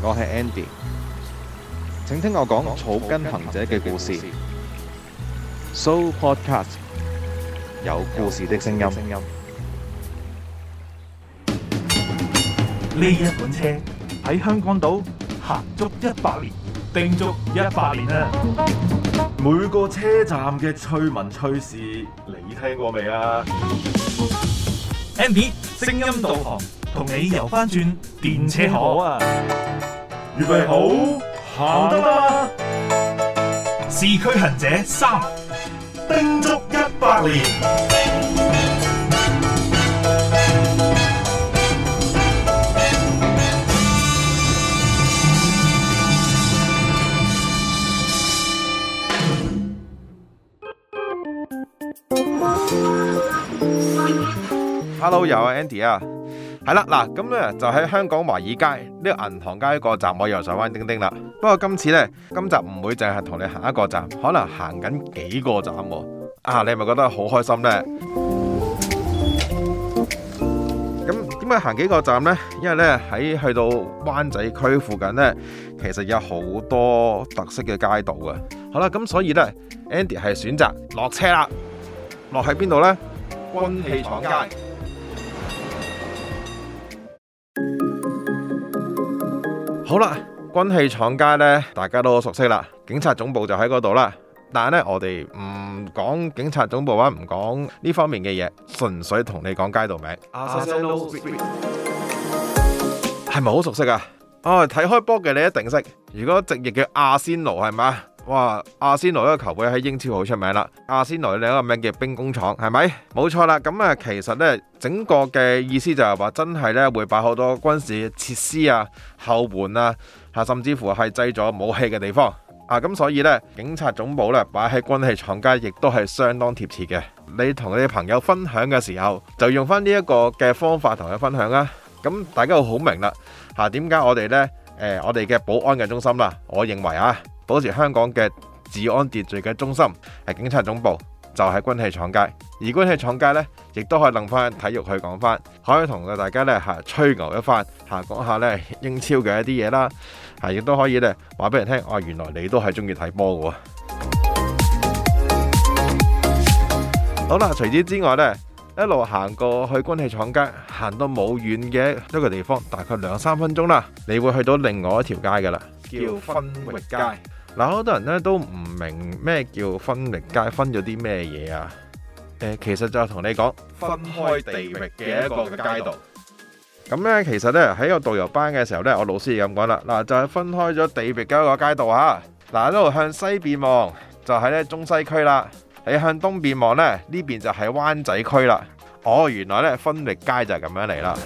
我係 Andy，請聽我講草根行者嘅故事。So Podcast 有故事的聲音。呢一款車喺香港島行足一百年，定足一百年啊？每個車站嘅趣聞趣事，你聽過未啊？Andy 聲音導航同你遊翻轉電車河啊！預備好行得啦嘛！市區行者三叮囑一百年。Hello，有啊，Andy 啊。係啦，嗱，咁咧就喺香港華爾街呢，這個銀行街個站我又上翻叮叮啦。不過今次呢，今集唔會淨係同你行一個站，可能行緊幾個站啊。啊，你係咪覺得好開心呢？咁點解行幾個站呢？因為呢，喺去到灣仔區附近呢，其實有好多特色嘅街道啊。好啦，咁所以呢 Andy 係選擇落車啦，落喺邊度呢？軍器廠街。好啦，軍器廠街呢，大家都熟悉啦。警察總部就喺嗰度啦。但係呢，我哋唔講警察總部啊，唔講呢方面嘅嘢，純粹同你講街道名。阿仙奴係咪好熟悉啊？哦、啊，睇開波嘅你一定識。如果直譯叫阿仙奴係嘛？哇！阿仙奴呢個球會喺英超好出名啦。阿仙奴另一個名叫兵工廠，係咪？冇錯啦。咁啊，其實呢，整個嘅意思就係話真係呢會擺好多軍事設施啊、後援啊，吓甚至乎係製造武器嘅地方啊。咁所以呢，警察總部呢擺喺軍器廠街，亦都係相當貼切嘅。你同你嘅朋友分享嘅時候，就用翻呢一個嘅方法同佢分享啦。咁大家就好明啦吓，點解我哋呢？誒、呃、我哋嘅保安嘅中心啦？我認為啊。保持香港嘅治安秩序嘅中心係警察總部，就喺軍器廠街。而軍器廠街呢，亦都可以諗返體育去講翻，可以同大家呢吓吹牛一番，吓，講下呢英超嘅一啲嘢啦。吓亦都可以呢話俾人聽，哦，原來你都係中意睇波嘅。好啦，除此之外呢，一路行過去軍器廠街，行到冇遠嘅一個地方，大概兩三分鐘啦，你會去到另外一條街噶啦，叫分域街。嗱，好多人咧都唔明咩叫分域街，分咗啲咩嘢啊？誒，其實就係同你講，分開地域嘅一個街道。咁咧，其實咧喺個導遊班嘅時候咧，我老師亦咁講啦。嗱，就係分開咗地域嘅一個街道吓，嗱，呢度向西邊望就係咧中西區啦。你向東邊望咧，呢邊就係灣仔區啦。哦，原來咧分域街就係咁樣嚟啦。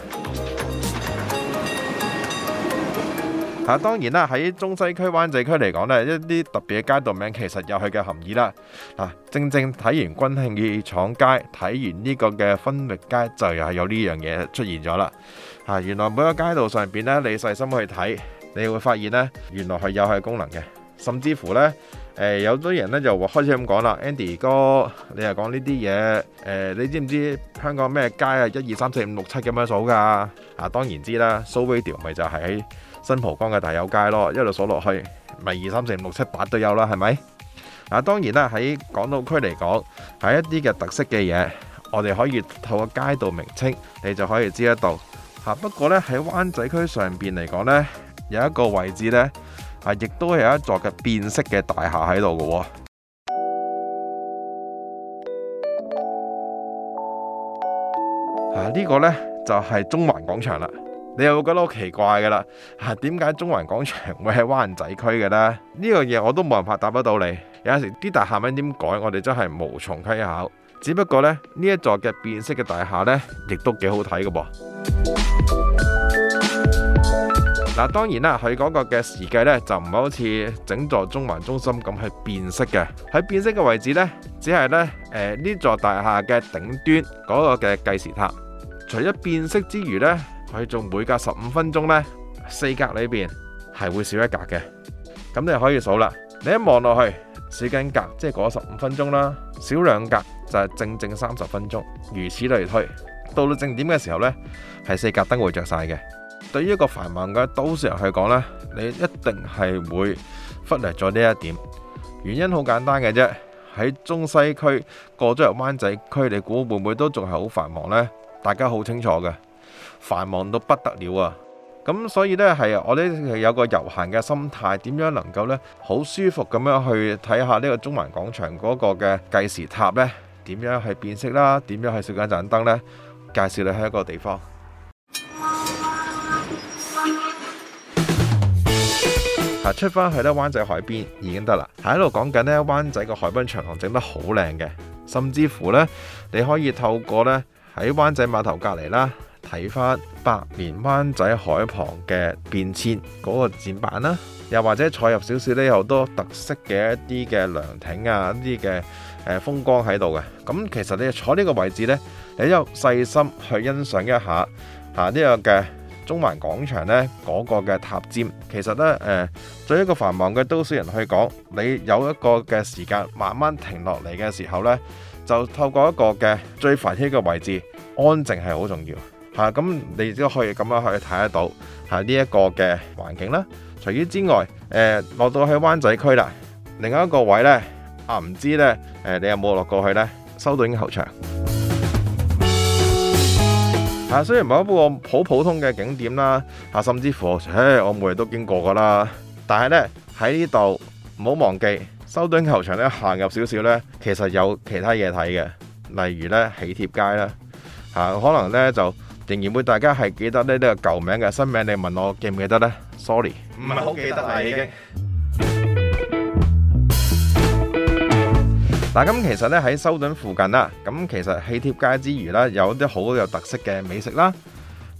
係、啊、當然啦，喺中西區、灣仔區嚟講呢一啲特別嘅街道名其實有佢嘅含義啦。嗱、啊，正正睇完軍器廠街，睇完呢個嘅分域街，就又係有呢樣嘢出現咗啦。啊，原來每個街道上邊呢，你細心去睇，你會發現呢，原來係有佢功能嘅。甚至乎呢，誒、呃，有啲人呢就開始咁講啦，Andy 哥，你又講呢啲嘢，誒、呃，你知唔知道香港咩街啊？一二三四五六七咁樣數噶？啊，當然知啦，So Video 咪就係喺。新蒲江嘅大有街咯，一路數落去，咪二三四五六七八都有啦，係咪？嗱，當然啦，喺港島區嚟講，喺一啲嘅特色嘅嘢，我哋可以透過街道名稱，你就可以知得到。吓，不過呢，喺灣仔區上邊嚟講呢，有一個位置呢，啊，亦都係一座嘅變色嘅大廈喺度噶喎。啊，呢個呢，就係中環廣場啦。你又會覺得好奇怪嘅啦嚇？點解中環廣場會喺灣仔區嘅呢？呢、呢樣嘢我都冇辦法答得到你。有時啲大廈名點改，我哋真係無從稽考。只不過呢，呢一座嘅變色嘅大廈呢，亦都幾好睇嘅噃。嗱、嗯，當然啦，佢嗰個嘅時計呢，就唔係好似整座中環中心咁去變色嘅。喺變色嘅位置呢，只係咧誒呢、呃、呢座大廈嘅頂端嗰個嘅計時塔。除咗變色之餘呢，佢仲每隔十五分鐘呢，四格裏邊係會少一格嘅，咁你就可以數啦。你一望落去，四根格即係過咗十五分鐘啦，少兩格就係正正三十分鐘。如此類推，到到正點嘅時候呢，係四格燈會着晒嘅。對於一個繁忙嘅都市人嚟講呢，你一定係會忽略咗呢一點。原因好簡單嘅啫，喺中西區過咗入灣仔區，你估會唔會都仲係好繁忙呢？大家好清楚嘅。繁忙到不得了啊！咁所以呢，係我呢，係有個悠閒嘅心態，點樣能夠呢？好舒服咁樣去睇下呢個中環廣場嗰個嘅計時塔呢？點樣係變色啦？點樣係少緊盞燈呢？介紹你去一個地方 出返去呢灣仔海邊已經了在這裡得啦。喺度講緊呢灣仔個海濱長廊整得好靚嘅，甚至乎呢，你可以透過呢喺灣仔碼頭隔籬啦。睇翻百年灣仔海旁嘅變遷嗰個展板啦，又或者坐入少少呢？好多特色嘅一啲嘅涼亭啊，一啲嘅誒風光喺度嘅。咁其實你坐呢個位置呢，你又細心去欣賞一下吓呢、啊這個嘅中環廣場呢嗰、那個嘅塔尖。其實呢，誒、呃，對一個繁忙嘅都市人去講，你有一個嘅時間慢慢停落嚟嘅時候呢，就透過一個嘅最繁囂嘅位置，安靜係好重要。吓咁你亦都可以咁樣去睇得到嚇，呢一個嘅環境啦。除此之外，誒落到去灣仔區啦，另一個位咧，啊唔知咧，誒你有冇落過去咧？修頓英球場嚇，雖然唔係一個好普通嘅景點啦，嚇甚至乎誒我每日都經過噶啦，但係咧，喺呢度唔好忘記修頓英球場咧，行入少少咧，其實有其他嘢睇嘅，例如咧喜帖街啦，嚇，可能咧就。仍然會大家係記得呢個舊名嘅新名，你問我記唔記得呢？Sorry，唔係好記得啦已經。嗱咁其實呢喺修頓附近啦，咁其實喜帖街之餘啦，有啲好有特色嘅美食啦。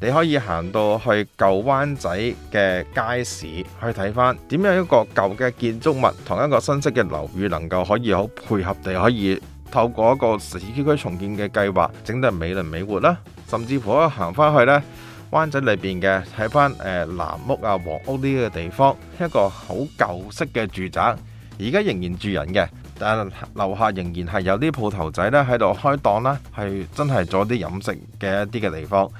你可以行到去舊灣仔嘅街市去睇翻點樣一個舊嘅建築物同一個新式嘅樓宇能夠可以好配合地可以。透過一個市區重建嘅計劃，整得美輪美奐啦。甚至乎行翻去呢灣仔裏邊嘅睇翻誒藍屋啊、黃屋呢個地方，一個好舊式嘅住宅，而家仍然住人嘅，但樓下仍然係有啲鋪頭仔呢喺度開檔啦，係真係做啲飲食嘅一啲嘅地方。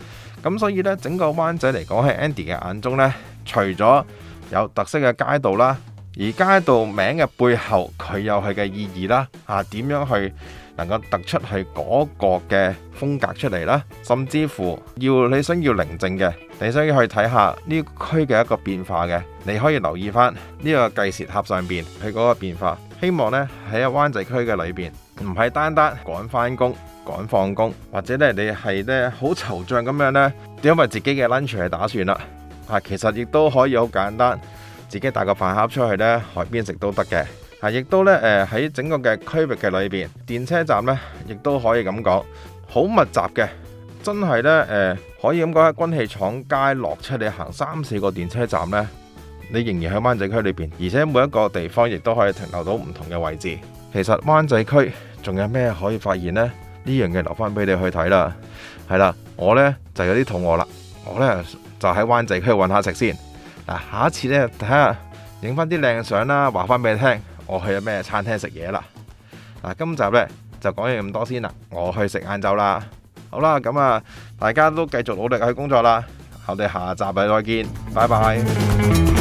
咁所以呢，整個灣仔嚟講喺 Andy 嘅眼中呢，除咗有特色嘅街道啦。而街道名嘅背後，佢有佢嘅意義啦，點、啊、點樣去能夠突出佢嗰個嘅風格出嚟啦，甚至乎要你想要寧靜嘅，你想要你想去睇下呢區嘅一個變化嘅，你可以留意翻呢個計時塔上邊佢嗰個變化。希望呢喺灣仔區嘅裏邊，唔係單單趕返工、趕放工，或者你係咧好惆悵咁樣呢。點為自己嘅 lunch 嚟打算啦，啊，其實亦都可以好簡單。自己帶個飯盒出去呢海邊食都得嘅。啊，亦都呢，誒喺整個嘅區域嘅裏邊，電車站呢亦都可以咁講，好密集嘅。真係呢，誒可以咁講，軍器廠街落車，你行三四個電車站呢，你仍然喺灣仔區裏邊。而且每一個地方亦都可以停留到唔同嘅位置。其實灣仔區仲有咩可以發現呢？呢樣嘢留翻俾你去睇啦。係啦，我呢就有啲肚餓啦，我呢，就喺灣仔區搵下食先。嗱，下一次咧睇下影翻啲靚相啦，話翻俾你聽我去咗咩餐廳食嘢啦。嗱，今集咧就講咗咁多先啦，我去食晏晝啦。好啦，咁啊，大家都繼續努力去工作啦，我哋下集再見，拜拜。